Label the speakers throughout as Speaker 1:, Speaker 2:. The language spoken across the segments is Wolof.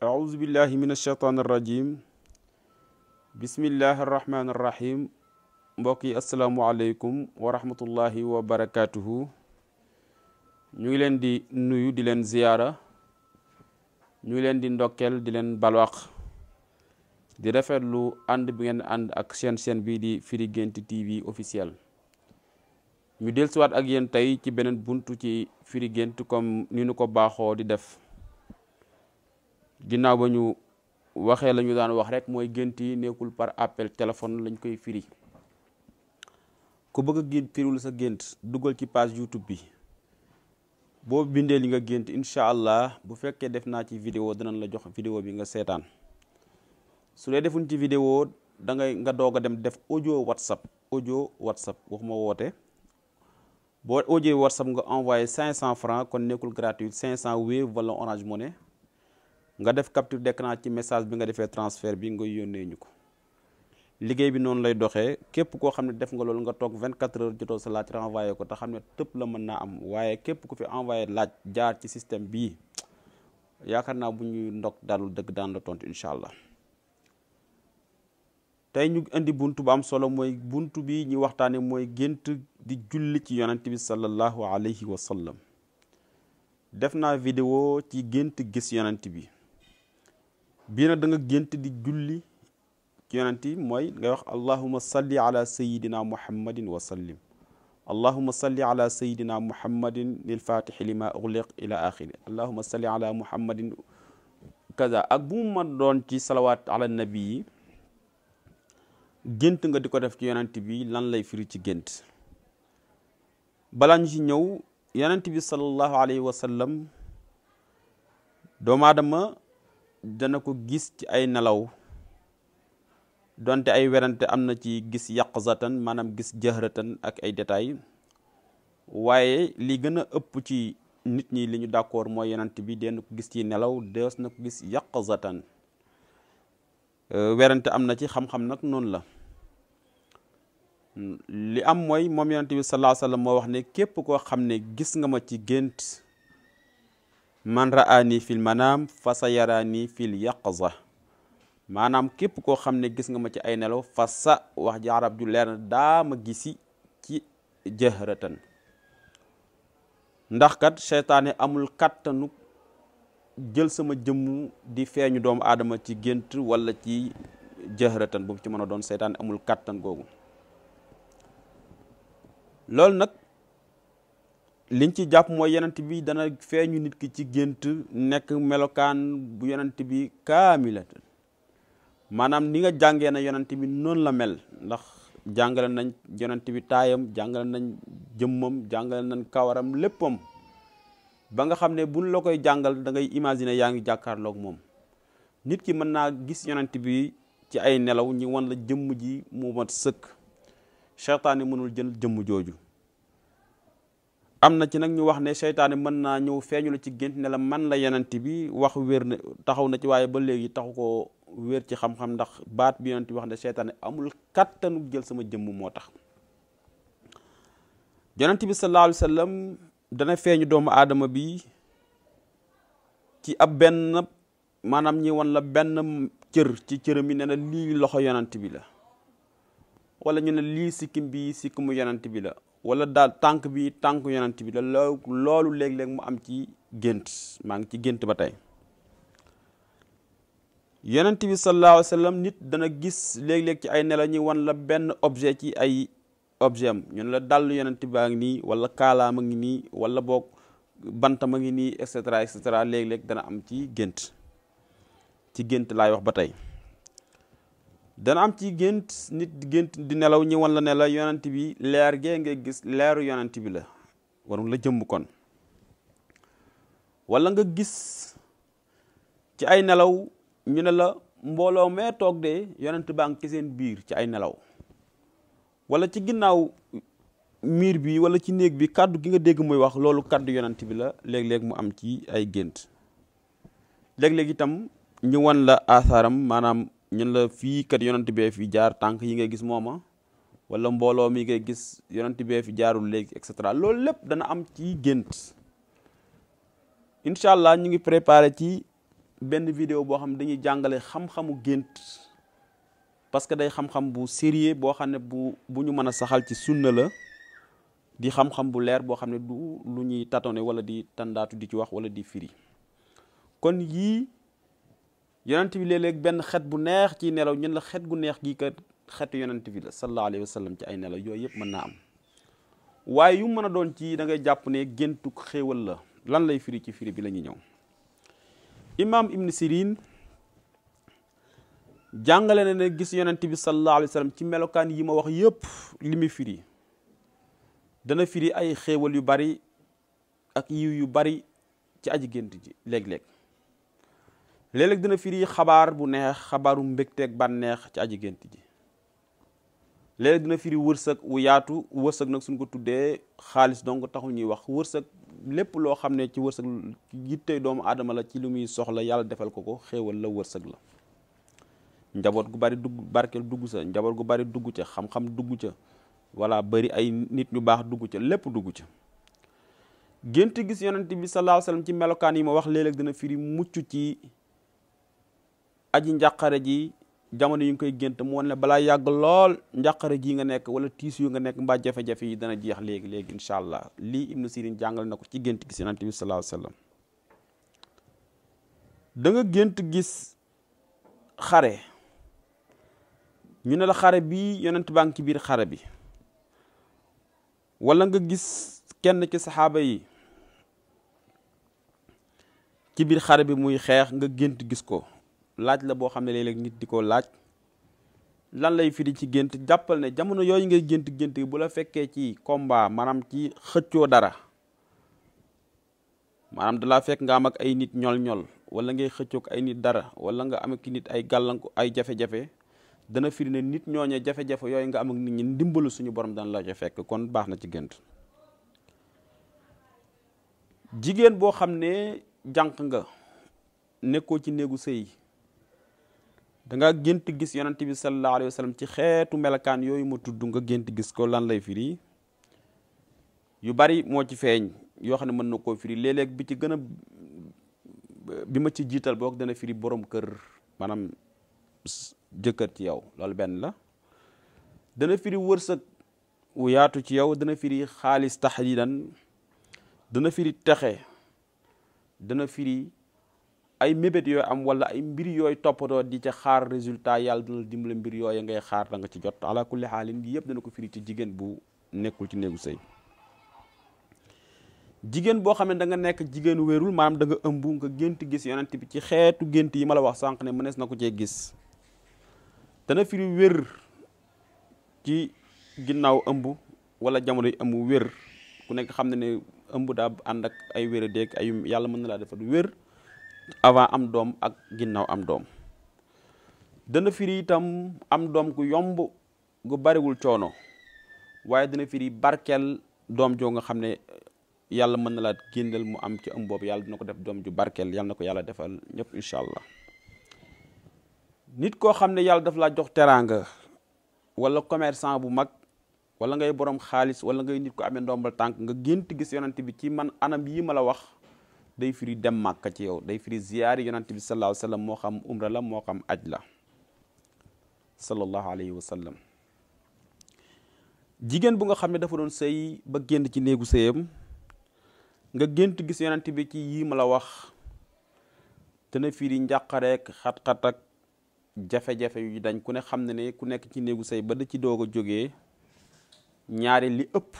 Speaker 1: أعوذ بالله من الشيطان الرجيم بسم الله الرحمن الرحيم mbokk yi asalaamualeykum wa rahmatullahi wa barakaatuhu ñu ngi leen di nuyu di leen ziyaara ñu ngi leen di ndokkeel di leen balwaq di rafetlu ànd bi ngeen ànd ak seen seen bii di Firi Guent TV officiel ñu dellusiwaat ak yéen tey ci beneen buntu ci Firi Guent comme ni nu ko baaxoo di def ginnaaw ba ñu waxee la ñu daan wax rek mooy gént yi nekkul par appel téléphone lañ koy firi ku bëgg a gént firiwul sa gént dugal ci page YouTube bi boo bindee li nga gént incha allah bu fekkee def naa ci vidéo danañ la jox vidéo bi nga seetaan su dee defuñ ci vidéo da ngay nga doog a dem def audio WhatsApp audio WhatsApp waxuma woote boo audio WhatsApp nga envoyé cent francs kon nekkul gratuit cent Wave wala Orange Money nga def capture d'écran ci message bi nga defee transfert bi nga yónnee ñu ko liggéey bi noonu lay doxee képp koo xam ne def nga loolu nga toog vingt 24 heures jotoo sa laaj renvoyé ko te xam ne tëpp la mën naa am waaye képp ku fi envoyé laaj jaar ci système bii yaakaar naa bu ñuy ndog dalul dëgg daan la tontu incha allah tey ñu indi bunt bu am solo mooy bunt bi ñu waxtaane mooy gént di julli ci yonent bi sallallahu alayhi wa sallam def naa vidéo ci gént gis bi bii nag da nga gént di julli ci yonent mooy ngay wax allahuma salli ala sayidina muhammadin wa sallim allahuma salli ala sayidina muhammadin lilfatixi lima ugliq ila axiri allahuma salli ala muhammadin kaza ak bu mu doon ci salawaat ala nabi yi nga di ko def ci yonent bi lan lay firi ci gént balaa ci ñëw yonent bi sallallahu alayhi wa sallam doomu aadama dana ko gis ci ay nelaw donte ay werante am na ci gis yaqzatan maanaam gis jahratan ak ay détails waaye li gën a ëpp ci nit ñi li ñu d'accord mooy yenant bi deen ko gis ci nelaw des na ko gis yaqzatan euh, werante am na ci xam-xam nag noonu la li am mooy moom yonent bi sallallahu alayhi moo wax ne képp koo xam ne gis nga ma ci gént man raani fil manaam fasa sa yaraani fil yaqza maanaam képp koo xam ne gis nga ma ci ay nelaw fa wax ji ju leer na daama gisi ci jëhratan ndax kat seytaane amul kàttanu jël sama jëmm di feeñu doomu aadama ci gént walla ci jëhratan bu mu ci mën a doon seytaane amul kàttan googu loolu nag liñ ci jàpp mooy yonent bi dana feeñu nit ki ci gént nekk melokaan bu yonent bi kaamilatan maanaam ni nga jàngee na yonent bi noonu la mel ndax jàngale nañ yonent bi taayam jàngale nañ jëmmam jàngale nañ kawaram léppam ba nga xam ne buñ la koy jàngal dangay ngay yaa ngi jàkkaarloog moom nit ki mën naa gis yonent bi ci ay nelaw ñi wan la jëmm ji mu mat sëkk seytaane mënul jël jëmm jooju am na ci nag ñu wax ne seytaane mën naa ñëw feeñu la ci gént ne man la yenant bi wax wér na taxaw na ci waaye ba léegi taxu ko weer ci xam-xam ndax baat bi yonent bi wax ne seytaane amul kattanu jël sama jëmm moo tax yonent bi sallallahu alayhi wa sallam dana feeñu doomu aadama bi ci ab benn maanaam ñi wan la benn cër ci cëram yi ne la lii loxo yonent bi la wala ñu ne lii sikkim bi mu yonent bi la wala daal tànk bi tànk yonent bi la loolu léeg-léeg mu am ci gént maa ngi ci gént ba tey yonent bi sallallahu alayhi nit dana gis léeg-léeg ci ay nelaw ñi wan la benn objet ci ay objet am ñu la dàll yonent baa ngi nii wala kaalaama ngi nii wala boog bantama ngi nii et cetera et cetera léeg dana am ci gént ci gént laay wax ba tey dana am ci gént nit gént di nelaw ñi wan la ne la bi leer gee ngay gis leeru yonent bi la warul la jëmm kon wala nga gis ci ay nelaw ñu ne la mbooloo mee toog de yonent baa ngi ci biir ci ay nelaw wala ci ginnaaw miir bi wala ci néeg bi kàddu gi nga dégg muy wax loolu kàddu yonent bi la léeg-léeg mu am ci ay gént léeg-léeg itam ñu wan la aasaaram maanaam ñun la fii kat yonent bee fi jaar tànk yi ngay gis mooma ah, wala mbooloo mi ngay gis yonent jaarul léegi et cetera loolu lépp dana am ci gént incha allah ñu ngi préparé ci benn vidéo boo xam ne dañuy jàngale xam-xamu gént parce que day xam-xam bu sérieux boo xam ne bu bu ñu mën a saxal ci sunna la di xam-xam bu leer boo xam ne du lu ñuy tatoné wala di tandaatu di ci wax wala di firi kon yii yonent bi léeg-léeg benn xet bu neex ci nelaw ñun la xet gu neex gii kat xetu yonent bi la sallallahu alayhi wa ci ay nelaw yooyu yëpp mën naa am waaye yu mën a doon ci dangay jàpp ne géntu xéewal la lan lay firi ci firi bi lañuy ñuy ñëw imaam ibn sirin jàngale na ne gis yonent bi sallallahu alayhi ci melokaan yi ma wax yëpp li muy firi dana firi ay xéewal yu bari ak yiw yu bari ci aji gént ji léeg-léeg léeg-léeg dina firi xabaar bu neex xabaaru mbégteeg bànneex ci aji gént ji léeg-léeg dina firi wërsëg wu yaatu wërsëg nag suñ ko tuddee xaalis donc taxul ñuy wax wërsëg lépp loo xam ne ci wërsëg yittey doomu aadama la ci li muy soxla yàlla defal ko ko xéewal la wërsëg la njaboot gu bari dugg barkeel dugg sa njaboot gu bari dugg ca xam-xam dugg ca walla bari ay nit ñu baax dugg ca lépp dugg ca gént gis yonent bi sallallahu alayhi wasallam ci melokaan yi ma wax léeg-léeg dina firi mucc ci aji njàqare ji jamono yi nga koy gént mu wane balaa yàgg lool njàqare ji nga nekk wala tiis yu nga nekk mbaa jafe-jafe yi dana jeex léegi léegi incha allah lii ibnu sirin jàngal na ko ci gént gis yonent bi sallallahu alayhi wasallam da gént gis xare ñu ne la xare bi yonent baa ci biir xare bi wala nga gis kenn ci saxaaba yi ci biir xare bi muy xeex nga gént gis ko laaj la boo xam ne léeg-léeg nit di ko laaj lan lay firi ci gént jàppal ne jamono yooyu ngay gént gént bu la fekkee ci combat maanaam ci xëccoo dara maanaam dalaa fekk nga am ak ay nit ñol-ñol wala ngay xëccoog ay nit dara wala nga am ak ay gàllanko ay jafe-jafe dana firi ne nit ñooñe jafe-jafe yooyu nga am ak nit ñi ndimbalu suñu borom dana la ca fekk kon baax na ci gént jigéen boo xam ne jànq nga nekkoo ci néegu sëy danga gént gis yonent bi sallallahu alayhi wa ci xeetu melokaan yooyu ma tudd nga gént gis ko lan lay firi yu bari moo ci feeñ yoo xam ne mën na koo firi léeg-léeg bi ci gën a bi ma ci jiital boog dana firi boroom kër maanaam jëkkër ci yow loolu benn la dana firi wërsëg wu yaatu ci yow dana firi xaalis taxdidan dana firi texe dana firi ay mébét yooyu am wala ay mbir yooyu toppatoo di ca xaar résultat yàlla dina la mbir yooyu ngay xaar da nga ci jot ala kulli xaalin yëpp dana ko firi ci jigéen bu nekkul ci néegu sëy jigéen boo xam ne da nga nekk jigéen wérul maam danga nga ëmb nga gént gis yonent bi ci xeetu gént yi ma la wax sànq ne mënees na ko cee gis dana firi wér ci ginnaaw ëmb wala jamono yi ëmb wér ku nekk xam ne ne ëmb daa ànd ak ay wér a ay yàlla mën na laa defal wér avant am doom ak ginnaaw am doom dana firi itam am doom ku yomb gu bariwul coono waaye dana firi barkeel doom joo nga xam ne yàlla mën na laa génneel mu am ci ëm boobu yàlla dina ko def doom ju barkeel yàlla na ko yàlla defal ñëpp incha allah nit koo xam ne yàlla daf laa jox teraanga walla commerçant bu mag wala ngay borom xaalis wala ngay nit ko amee ndombal tànk nga gént gis yonent bi ci man anam yii ma la wax day firi dem màkka ci yow day firi ziyaari yonante bi sallallahu alayhi moo xam umra la moo xam aj la sallallahu alayhi wa sallam jigéen bu nga xam ne dafa doon sëy ba génn ci néegu sëyam nga gént gis yonent bi ci yii ma la wax dana firi njàqareek xat-xat ak jafe-jafe yu dañ ku ne xam ne ne ku nekk ci néegu sëy ba da ci doog a jógee ñaari li ëpp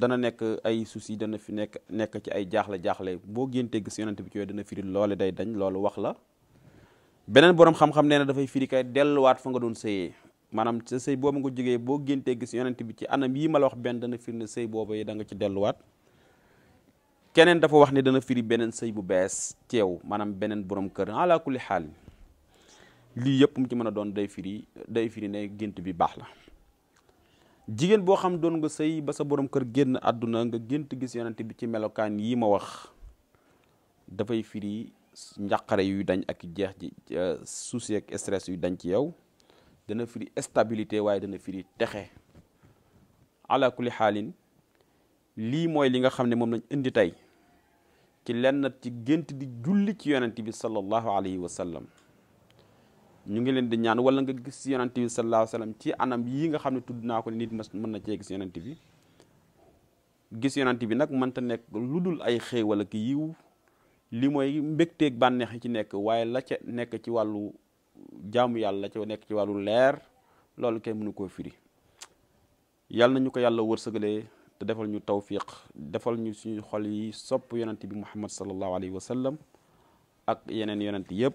Speaker 1: dana nekk ay soucis dana fi nekk nekk ci ay jaaxle jaaxle boo géntee gis yonent bi ci yooyu dana firi loole day dañ loolu wax la beneen borom xam-xam nee na dafay firi kay delluwaat fa nga doon sëyee maanaam sa sëy boobu nga jógee boo géntee gis yonent bi ci anam yii ma la wax benn dana firi ne sëy boobu yi da ci delluwaat keneen dafa wax ne dana firi beneen sëy bu bees teew maanaam beneen borom kër laa kulli xaal lii yëpp mu ci mën a doon day firi day firi gént bi baax la jigéen boo xam doon nga sëy ba sa borom kër génn àdduna nga gént gis yonent bi ci melokaan yi ma wax dafay firi njàqare yuy dañ ak jeex ji euh, souci ak stress dañ ci yow dana firi stabilité waaye dana firi texe ala xaalin lii mooy li nga xam ne moom lañ indi tey ci lenn ci gént di julli ci yonent bi sallallahu alayhi wa sallam ñu ngi leen di ñaan wala nga gis yonante bi sallallahu alayhi ci anam yi nga xam ne tudd naa ko nit mas mën na cee gis yonante bi gis yonante bi nag mënta nekk lu dul ay xéewal ak yiw li mooy mbégteeg bànneex yi ci nekk waaye la ca nekk ci wàllu jaamu yàlla la ca nekk ci wàllu leer loolu kenn mënu koo firi yàlla na ñu ko yàlla wërsëgalee te defal ñu tawfiq defal ñu suñu xol yi sopp yonante bi muhammad sallallahu alayhi wasallam ak yeneen yonant yëpp